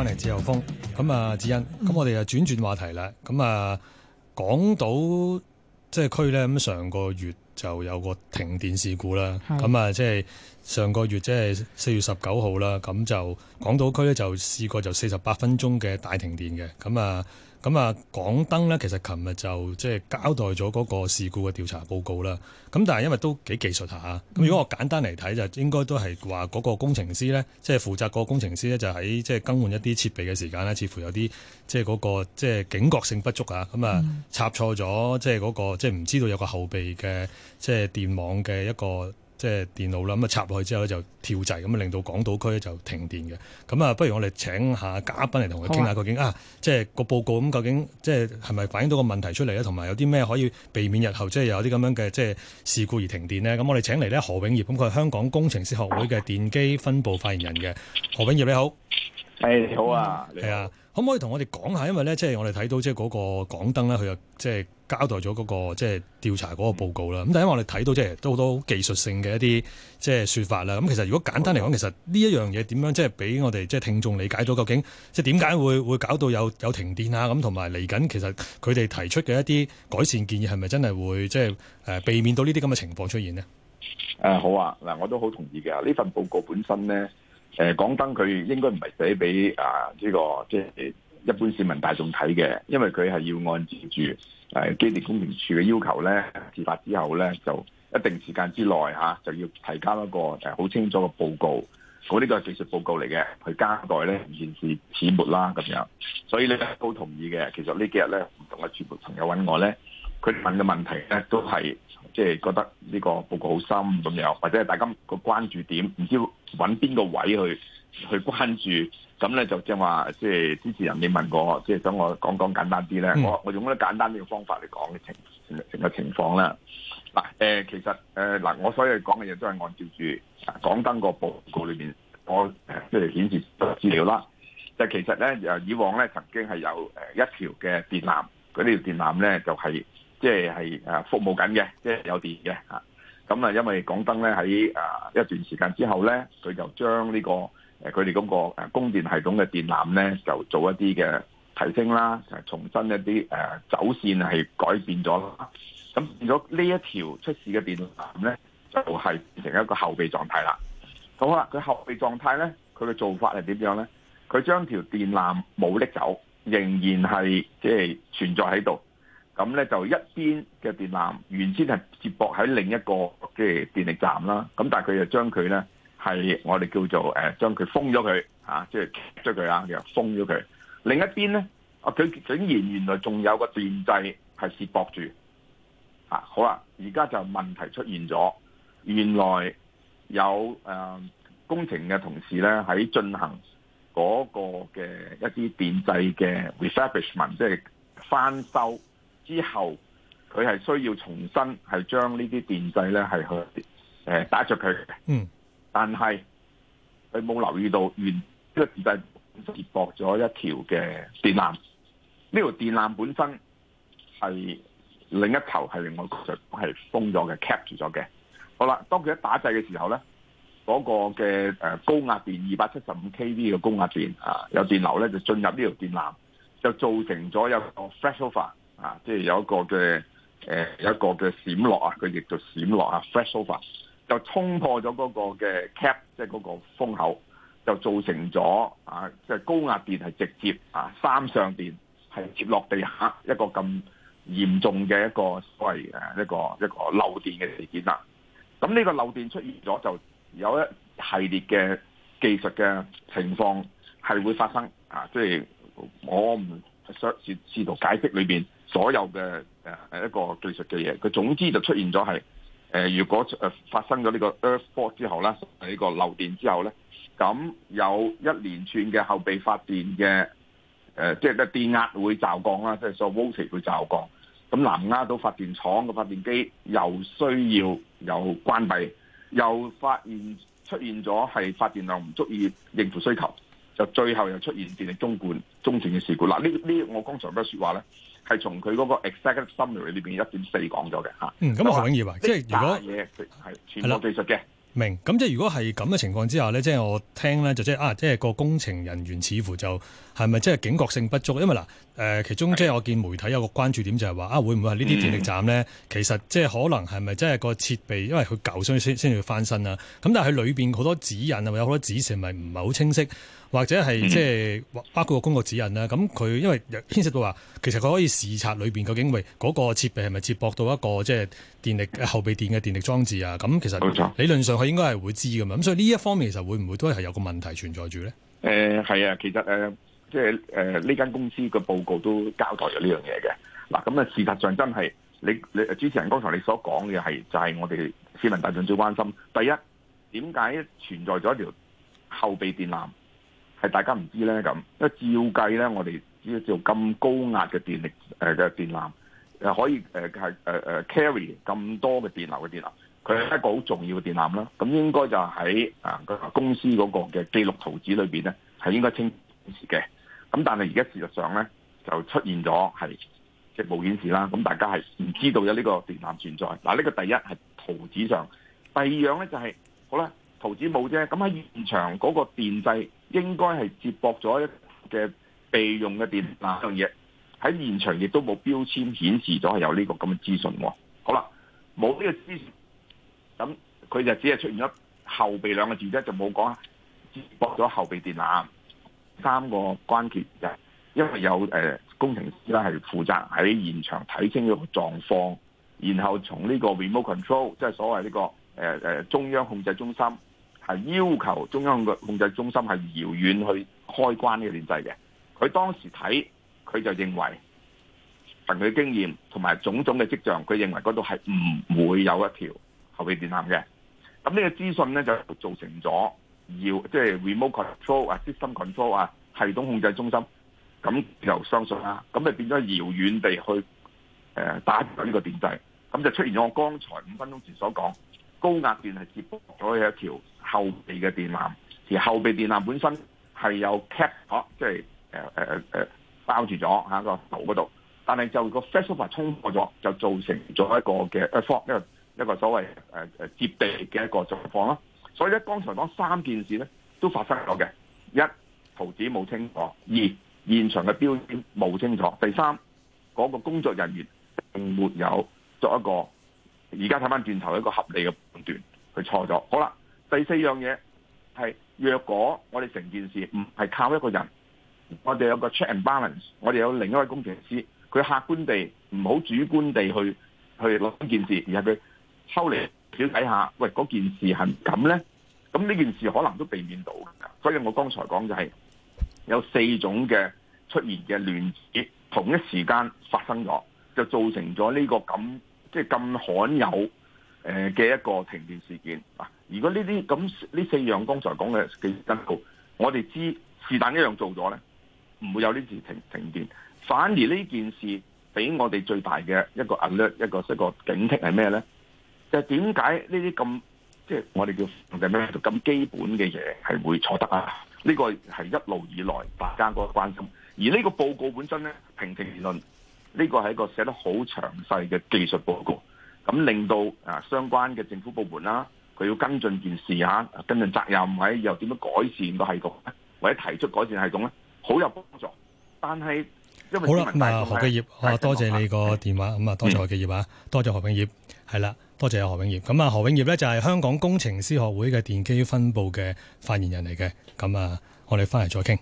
翻嚟自由風，咁啊，智恩，咁我哋就轉轉話題啦，咁啊，港島即係區咧，咁上個月就有個停電事故啦，咁啊，即係。上個月即係四月十九號啦，咁就港島區咧就試過就四十八分鐘嘅大停電嘅，咁啊咁啊，港燈咧其實琴日就即係交代咗嗰個事故嘅調查報告啦。咁但係因為都幾技術下。咁如果我簡單嚟睇就應該都係話嗰個工程師咧，即係負責個工程師咧就喺即係更換一啲設備嘅時間咧，似乎有啲即係嗰個即係警覺性不足啊，咁啊插錯咗即係嗰個即係唔知道有個後備嘅即係電網嘅一個。即係電腦啦，咁啊插落去之後咧就跳掣，咁啊令到港島區就停電嘅。咁啊，不如我哋請下嘉賓嚟同佢傾下、啊、究竟啊，即係個報告咁究竟，即係係咪反映到個問題出嚟咧？同埋有啲咩可以避免日後即係有啲咁樣嘅即係事故而停電呢？咁我哋請嚟咧何永業，咁佢係香港工程師學會嘅電機分部發言人嘅。何永業你好。是你好啊，係啊，可唔可以同我哋講下？因為咧，即係我哋睇到，即係嗰個港燈咧，佢又即係交代咗嗰、嗰個即係調查嗰個報告啦。咁、嗯、但係因為我哋睇到，即係都好多技術性嘅一啲即係說法啦。咁其實如果簡單嚟講，其實呢一樣嘢點樣即係俾我哋即係聽眾理解到，究竟即係點解會會搞到有有停電啊？咁同埋嚟緊，其實佢哋提出嘅一啲改善建議，係咪真係會即係誒避免到呢啲咁嘅情況出現呢？誒、啊，好啊，嗱，我都好同意嘅。呢份報告本身咧。誒，講真，佢應該唔係寫俾啊呢個即係、就是、一般市民大眾睇嘅，因為佢係要按照住誒機電工程署嘅要求咧，事發之後咧就一定時間之內、啊、就要提交一個誒好清楚嘅報告。好、這、呢個係技術報告嚟嘅，佢交代咧呢件事始末啦咁樣，所以咧都同意嘅。其實幾呢幾日咧唔同嘅主部朋友揾我咧，佢問嘅問題咧都係。即、就、係、是、覺得呢個報告好深咁樣，或者係大家個關注點唔知揾邊個位去去關注，咁咧就即係話即係之前人你問過我，即係等我講一講簡單啲咧、嗯。我我用啲簡單啲嘅方法嚟講嘅情成個情況啦。嗱誒，其實誒嗱，我所以講嘅嘢都係按照住港燈個報告裏邊我即係顯示嘅資料啦。就是、其實咧，又以往咧曾經係有誒一條嘅電纜，嗰條電纜咧就係、是。即係係誒服務緊嘅，即係有電嘅嚇。咁啊，因為港燈咧喺誒一段時間之後咧，佢就將呢個誒佢哋嗰個誒供電系統嘅電纜咧，就做一啲嘅提升啦，重新一啲誒走線係改變咗啦。咁變咗呢一條出事嘅電纜咧，就係變成一個後備狀態啦。好啦，佢後備狀態咧，佢嘅做法係點樣咧？佢將條電纜冇拎走，仍然係即係存在喺度。咁咧就一邊嘅電纜原先係接駁喺另一個嘅電力站啦，咁但佢又將佢咧係我哋叫做誒將佢封咗佢即係 cut 咗佢啊，又、啊、封咗佢。另一邊咧，啊佢竟然原來仲有個電掣係接駁住嚇。好啦，而家就問題出現咗，原來有誒工程嘅同事咧喺進行嗰個嘅一啲電掣嘅 rehabilitation 即係翻修。之後，佢係需要重新係將呢啲電掣咧係去誒、呃、打着佢。嗯，但係佢冇留意到原呢、這個電掣接駁咗一條嘅電纜。呢、這、條、個、電纜本身係另一頭係另外其實係封咗嘅，cap 住咗嘅。好啦，當佢一打掣嘅時候咧，嗰、那個嘅誒高壓電二百七十五 kV 嘅高壓電啊，有電流咧就進入呢條電纜，就造成咗有個 flashover。啊，即係有一個嘅誒，有一個嘅閃落啊，佢亦就閃落啊 flashover 就衝破咗嗰個嘅 cap，即係嗰個封口，就造成咗啊，即係高壓電係直接啊，三相電係接落地下一個咁嚴重嘅一個所謂誒一個一個，一個漏電嘅事件啦。咁呢個漏電出現咗，就有一系列嘅技術嘅情況係會發生啊，即係我唔想試試圖解釋裏邊。所有嘅一個技術嘅嘢，佢總之就出現咗，係、呃、誒如果發生咗呢個 earth fault 之後啦，呢、呢個漏電之後咧，咁有一連串嘅後備發電嘅誒即係啲電壓會驟降啦，即係所謂 voltage 會驟降，咁南丫島發電廠嘅發電機又需要又關閉，又發現出現咗係發電量唔足以應付需求。就最後又出現電力中斷、中斷嘅事故。嗱、啊，呢呢，我剛才有咩説話咧？係從佢嗰個 Executive Summary 裏邊一點四講咗嘅嚇。嗯，咁好緊要啊！即係如果嘢係全部技術嘅明。咁即係如果係咁嘅情況之下咧，即係我聽咧就即係啊，即係個工程人員似乎就係咪即係警覺性不足？因為嗱，誒、呃、其中即係我見媒體有個關注點就係話啊，會唔會係呢啲電力站咧、嗯？其實即係可能係咪即係個設備，因為佢舊，所以先先要翻身啦。咁但係佢裏邊好多指引啊，或者有好多指示，咪唔係好清晰。或者係即係包括個公告指引啦。咁、嗯、佢因為牽涉到話，其實佢可以視察裏邊究竟係嗰個設備係咪接駁到一個即係電力後備電嘅電力裝置啊。咁其實理論上佢應該係會知㗎嘛。咁所以呢一方面其實會唔會都係有個問題存在住咧？誒係啊，其實誒、呃、即係誒呢間公司嘅報告都交代咗呢樣嘢嘅。嗱咁啊，事實上真係你你主持人剛才你所講嘅係就係、是、我哋市民大眾最關心。第一點解存在咗一條後備電纜？係大家唔知咧咁，因為照計咧，我哋只要做咁高壓嘅電力誒嘅、呃、電纜，又可以誒係誒誒 carry 咁多嘅電流嘅電,電纜，佢係一個好重要嘅電纜啦。咁應該就喺啊公司嗰個嘅記錄圖紙裏邊咧，係應該清晰嘅。咁但係而家事實上咧，就出現咗係即冇無顯示啦。咁大家係唔知道有呢個電纜存在嗱。呢個第一係圖紙上，第二樣咧就係、是、好啦，圖紙冇啫。咁喺現場嗰個電掣。應該係接駁咗一嘅備用嘅電纜呢樣嘢，喺現場亦都冇標籤顯示咗係有呢個咁嘅資訊好。好啦，冇呢個資訊，咁佢就只係出現咗後備兩個字啫，就冇講接駁咗後備電纜三個關鍵就係因為有誒工程師咧係負責喺現場睇清咗個狀況，然後從呢個 remote control 即係所謂呢個中央控制中心。係要求中央嘅控制中心係遙遠去開關呢個電掣嘅。佢當時睇，佢就認為憑佢經驗同埋種種嘅跡象，佢認為嗰度係唔會有一條後備電纜嘅。咁呢個資訊咧就造成咗遙即係、就是、remote control 啊、system control 啊系統控制中心咁又相信啦。咁就變咗遙遠地去誒、呃、打斷呢個電掣。咁就出現咗我剛才五分鐘前所講高壓電係接咗去一條後備嘅電纜，而後備電纜本身係有 cap，即係誒誒誒包住咗喺個頭嗰度，但係就個 flashover 衝破咗，就造成咗一個嘅一個一個所謂誒誒接地嘅一個狀況啦。所以咧，剛才講三件事咧都發生咗嘅，一圖紙冇清楚，二現場嘅標籤冇清楚，第三嗰、那個工作人員並沒有作一個而家睇翻轉頭一個合理嘅判斷，佢錯咗。好啦。第四樣嘢係，若果我哋成件事唔係靠一個人，我哋有個 check and balance，我哋有另一位工程師，佢客觀地唔好主觀地去去諗件事，而係佢抽離了解下，喂嗰件事係咁咧，咁呢件事可能都避免到。所以我剛才講就係、是、有四種嘅出現嘅亂子，同一時間發生咗，就造成咗呢、這個咁即係咁罕有。誒嘅一個停電事件啊！如果呢啲咁呢四樣剛才講嘅技術報告，我哋知是但一樣做咗咧，唔會有呢次停停電。反而呢件事俾我哋最大嘅一個 alert，一個一個警惕係咩咧？就係點解呢啲咁即係我哋叫叫咩咧？咁基本嘅嘢係會錯得啊？呢個係一路以來大家個關心，而呢個報告本身咧，平平而論呢個係一個寫得好詳細嘅技術報告。咁令到啊，相關嘅政府部門啦、啊，佢要跟進件事嚇、啊，跟進責任位又點樣改善個系統咧，或者提出改善系統咧，好有幫助。但係因為好啦，咁啊，何永業，啊多謝你個電話，咁啊多謝何永業啊，多謝何永業，係、嗯、啦，多謝何永業。咁啊，何永業咧就係香港工程師學會嘅電機分部嘅發言人嚟嘅。咁啊，我哋翻嚟再傾。